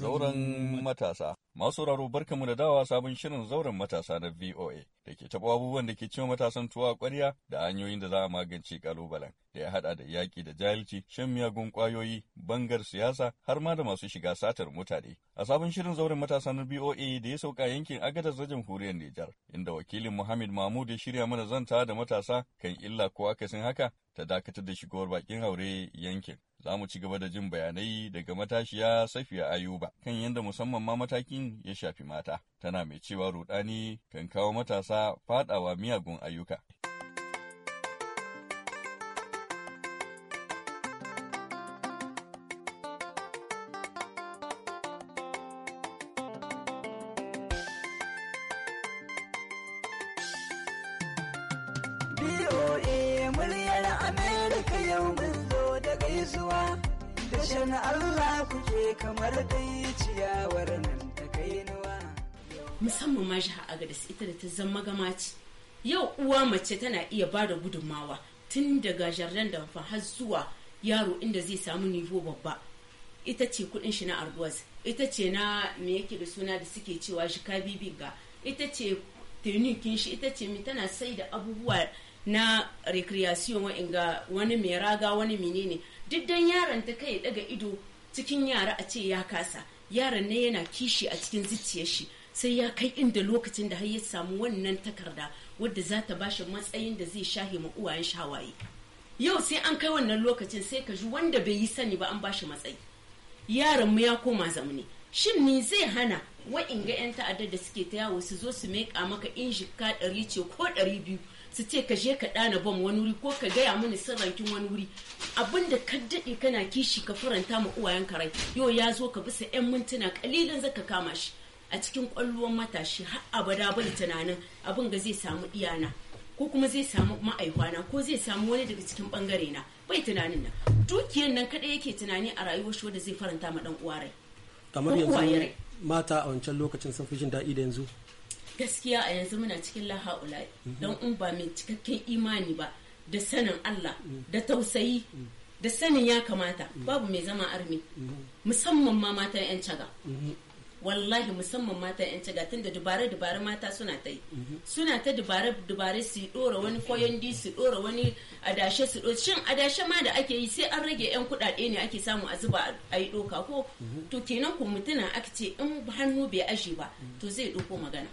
zauren matasa. Masu raro barkamu da dawa sabon shirin zauren matasa na VOA da ke taɓa abubuwan da ke cewa matasan tuwa ƙwarya da hanyoyin da za a magance ƙalubalen da ya haɗa da yaƙi da jahilci, shan miyagun ƙwayoyi, bangar siyasa har ma da masu shiga satar mutane. A sabon shirin zauren matasa na VOA da ya sauka yankin agadar zajen huriyar Nijar inda wakilin Muhammad Mahmud ya shirya mana zanta da matasa kan illa ko akasin haka ta dakatar da shigowar bakin haure yankin. Za mu ci gaba da jin bayanai daga matashiya Safiya Ayuba kan yadda musamman ma matakin ya shafi mata. Tana mai cewa rudani kan kawo matasa faɗawa miyagun ayyuka. gaisuwa da shan Allah kuke kamar dai ciyawar nan ta nuwa. Musamman ma Agadis ita da ta zama gamaci Yau uwa mace tana iya ba da gudunmawa tun daga jardin da har zuwa yaro inda zai samu nivo babba. Ita ce kudin shi na arguwas, ita ce na me yake da suna da suke cewa shika bibiga, ita ce tenukin shi, ita ce mi tana sai da abubuwa na recreation wa'inga wani mai raga wani menene duk dan yaron ta kai daga ido cikin yara a ce ya kasa yaron ne yana kishi a cikin zuciyar shi sai ya kai inda lokacin da har ya samu wannan takarda wadda za ta bashi matsayin da zai shahe ma uwayen shawaye yau sai an kai wannan lokacin sai ka ji wanda bai yi sani ba an bashi matsayi yaron mu ya koma zamani shin ni zai hana wa'inga 'yan ta'addar da suke ta yawo su zo su meƙa maka in ka ɗari ce ko ɗari biyu su ce ka je ka ɗana bom wani wuri ko ka gaya mini sirrankin wani wuri abin da ka daɗe kana kishi ka faranta ma uwayen rai yau ya zo ka bisa 'yan mintuna kalilin ka kama shi a cikin kwallon matashi har abada bai tunanin abin ga zai samu iyana ko kuma zai samu ma'aikwana ko zai samu wani daga cikin bangare na bai tunanin na dukiyan nan kaɗai yake tunani a rayuwar shi wanda zai faranta ma ɗan uwa kamar yanzu mata a wancan lokacin sun fi jin daɗi da yanzu gaskiya a yanzu muna cikin laha'ula mhm. don in ba mai cikakken imani ba da sanin Allah mhm. da tausayi mhm. da sanin ya kamata babu mai zama armi musamman ma matan 'yan caga wallahi musamman matan 'yan caga tun da dubare-dubare mata suna ta yi suna ta dubare-dubare su dora wani koyon di su dora wani adashe su dora shin adashe ma da ake yi sai an rage 'yan kuɗaɗe ne ake samu a zuba a yi doka ko to kenan ku mutuna aka ce in hannu bai aji ba to zai doko magana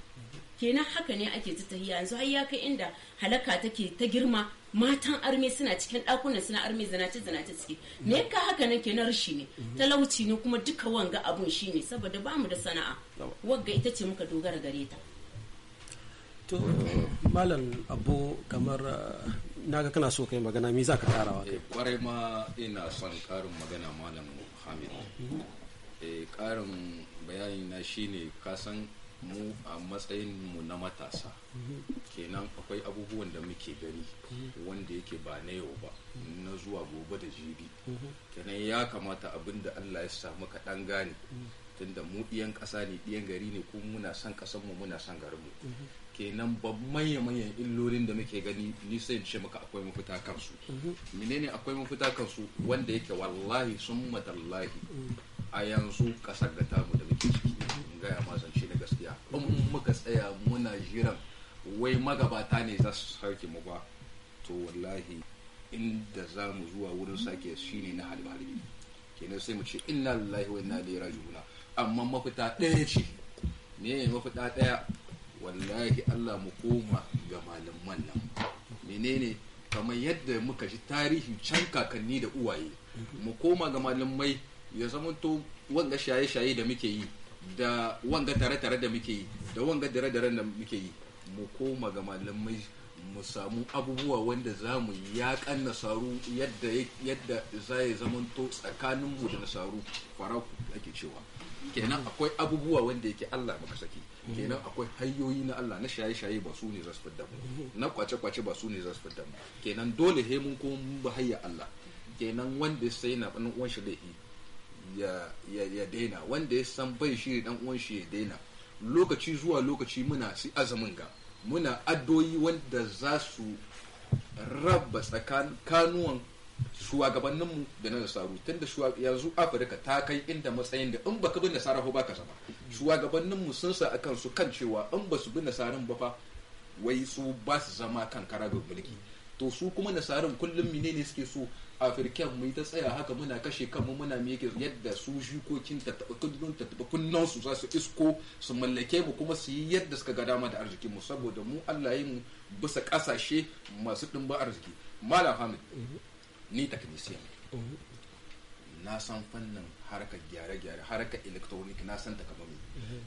kenan haka ne ake ta tahiya yanzu har ya kai inda halaka take ta girma matan arme suna cikin dakunan suna arme zanace zanace suke me ka haka nan kenan rishi ne talauci ne kuma duka wanga abun shine saboda bamu da sana'a wagga ita ce muka dogara gare ta to malam abu kamar ah, naga kana so kai magana me za ka karawa kai kwarai eh, ma ina son karin magana malam hamid karin mm-hmm. eh, bayani na shine kasan mu a matsayin mu na matasa kenan akwai abubuwan da muke gani wanda yake ba na yau ba na zuwa gobe da jibi kenan ya kamata abin da Allah ya samu kaɗan gane tunda mu ɗiyan ƙasa ne ɗiyan gari ne kuma muna son mu muna son mu. kenan ba manya-manyan illolin da muke gani ni sai ce maka akwai mafita kansu menene akwai mafita kansu wanda yake wallahi sun matallahi a yanzu ƙasar da tamu da muke ciki in gaya ma muka tsaya muna jiran wai magabata ne za su sauke mu ba to wallahi inda za mu zuwa wurin sake shine na halbi kenan sai mu ce inna lillahi wa inna ilaihi raji'un amma mafita ɗaya ce ne mafita ɗaya wallahi Allah mu koma ga malaman nan menene kamar yadda muka ji tarihi can kakanni da uwaye mu koma ga malamai ya zama to wanda shaye-shaye da muke yi da wanga tare-tare da muke yi da wanga dare-daren da muke yi mu koma ga malamai mu samu abubuwa wanda za mu yaƙan nasaru yadda yadda za ya zamanto tsakaninmu da nasaru faraku ake cewa kenan akwai abubuwa wanda yake Allah maka saki kenan akwai hanyoyi na Allah na shaye-shaye ba su ne za su fidda mu na kwace-kwace ba su ne za su fidda mu kenan dole he mun kuma mun haya Allah kenan wanda sai na ɗan uwan shi laifi ya daina wanda ya san bai shi dan uwan shi ya daina lokaci zuwa lokaci muna si azumin ga muna addoyi wanda za su raba tsakanin kanuwan shugabanninmu da na nasaru tunda yanzu afirka ta kai inda matsayin da in ba ka bi nasara ba ka zama shugabanninmu sun sa akan su kan cewa in ba su bi nasarar ba fa wai su ba su zama kan karagar mulki to su kuma nasarin kullum mine ne suke so afirken mai ta tsaya haka muna kashe kanmu muna mu yadda su shukokin ta taba su za su isko su mallake mu kuma su yi yadda suka ga dama da arzikin mu saboda mu Allah yin mu bisa kasashe masu dimbin arziki malam Hamid ni takinisiya na san fannin harkar gyare-gyare harkar electronic na san takamami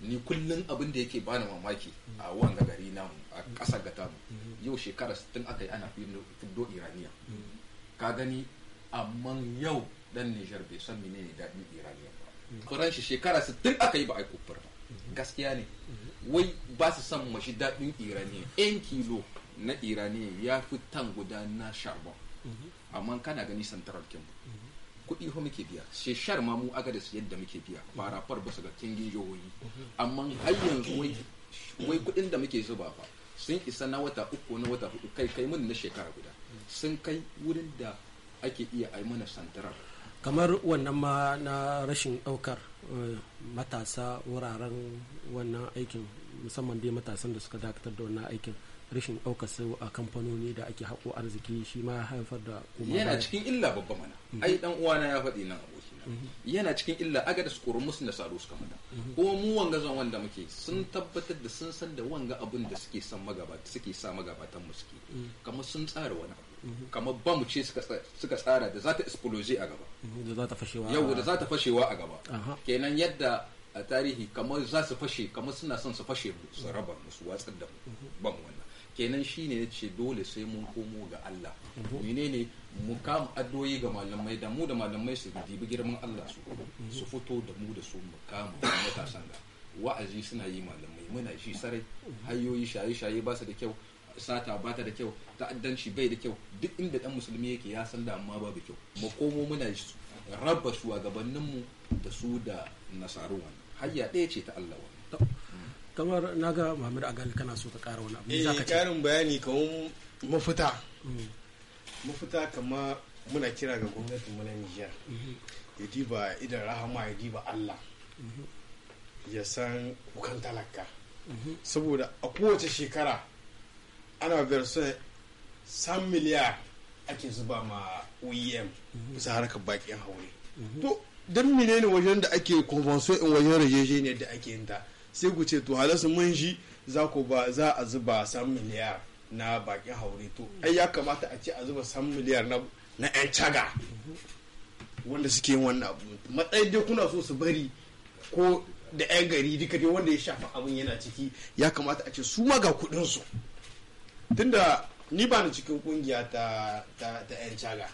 ni kullum abin da yake bani mamaki a wanga gari na a ƙasa gata mu yau shekara 60 aka yi ana fiddo iraniya ka gani amma yau dan Nijar bai san mene ne daɗin iraniya ba kuran shi shekara 60 aka yi ba a kofar ba gaskiya ne wai ba su san mashi daɗin iraniya 'yan kilo na iraniya ya fi tan guda na sharbon amma kana gani central kimba kuɗi ho muke biya sheshar ma mu aga da yadda muke biya farafar ba su ga kingin jihohi amma har yanzu wai kuɗin da muke zuba ba sun isa na wata uku na wata hudu kai kai mun na shekara guda sun kai wurin da ake iya ai mana santarar kamar wannan ma na rashin ɗaukar eh, matasa wuraren wannan aikin musamman dai matasan da suka dakatar da wannan aikin rashin ɗaukar sau a kamfanoni da ake haƙo arziki shi ma haifar da kuma yana cikin illa babba mana mhm. ai dan uwana ya faɗi nan abokina mhm. yana cikin illa aga da su musu da saro suka mata Ko mu wanga zan wanda muke sun mhm. tabbatar da sun san da wanga abin da suke san magabata suke sa magabatan mu suke kamar sun tsara wani abu kamar ba mu ce suka tsara da za ta explosion a gaba da za ta fashewa yau da za ta fashewa a gaba kenan yadda a tarihi kamar za su fashe kamar suna son su fashe mu su raba mu su watsar da mu ba mu kenan shine ya ce dole sai mun komo ga Allah menene mu kama addoyi ga malamai da mu da malamai su dibi girman Allah su su fito da mu da su mu kama matasan da wa'azi suna yi malamai muna shi sarai hayoyi shaye-shaye ba su da kyau sata ba ta da kyau ta'addanci bai da kyau duk inda dan musulmi yake ya san da amma babu kyau mu komo muna raba shugabanninmu da su da nasaruwan hayya ɗaya ce ta Allah wannan kamar na ga agali kana so ka kara wani abu za ka karin eh, bayani kamar mafita mm. mafita kama muna kira ga gwamnatin mu na nijar mm-hmm. ya diba idan rahama ya diba allah mm-hmm. ya san kukan talaka mm-hmm. saboda a kowace shekara ana version san miliyar ake zuba ma oem bisa harkar bakin haure to don ne wajen da ake convention in wajen rajejeniyar da ake yin ta sai ku ce to halasu mun shi za ku ba za a zuba san miliyar na bakin haure to ai ya kamata a ce a zuba san miliyar na na yan caga wanda suke yin wannan abu matsayin dai kuna so su bari ko da yan gari duka dai wanda ya shafa abin yana ciki ya kamata a ce su ma ga kudin su tunda ni ba ni cikin kungiya ta ta yan caga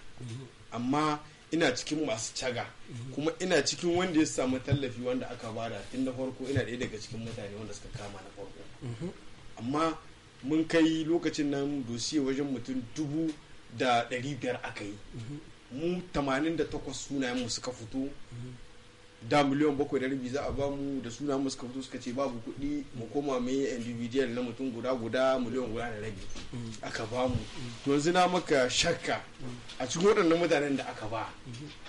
amma ina cikin masu caga kuma ina cikin wanda ya samu tallafi wanda aka bada tun da farko ina ɗaya daga cikin mutane wanda suka kama na farko mhm. amma mun kai lokacin nan dosiye wajen mutum dubu da ɗari biyar aka yi mhm. mu 88 sunayen mu suka fito mhm. da miliyan bakwai da rabi za a bamu da suna musu suka fito suka ce babu kuɗi mu koma mai individual na mutum guda guda miliyan guda da rabi aka bamu to yanzu na maka shakka a cikin waɗannan mutanen da aka ba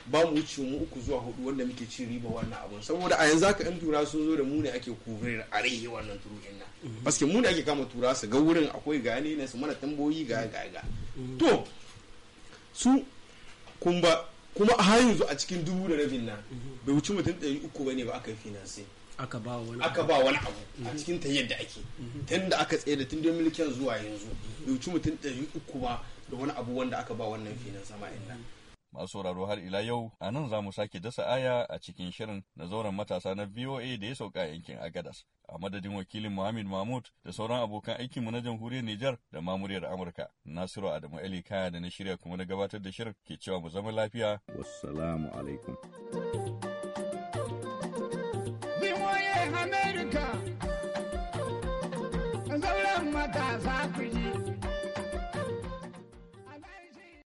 ba mu wuce mu uku zuwa hudu wanda muke ci riba wannan abun saboda a yanzu haka yan tura sun zo da mu ne ake kuvrir a rage wannan turu ina mhm. paske mu ne ake kama tura su ga wurin akwai gane na su mana tamboyi ga ga ga to su kun ba kuma a har yanzu a cikin dubu da rabin nan bai wuce mutum ɗari uku ba ne ba aka yi finance aka ba wani abu a mhm. cikin ta yadda ake mhm. tun da aka tsaye da tun da mulkin zuwa yanzu bai wuce mutum ɗari uku ba da wani abu wanda aka ba wannan finance sama'in nan masu sauraro har ila yau a nan za mu sake dasa aya a cikin shirin na zauren matasa na VOA da ya sauka yankin Agadas. a madadin wakilin Muhammad Mahmud da sauran abokan aikin mu na jamhuriyar Nijar da mamuriyar Amurka. Nasiru Adamu Ali kaya da na shirya kuma na gabatar da shirin ke cewa mu zama lafiya. Wassalamu alaikum.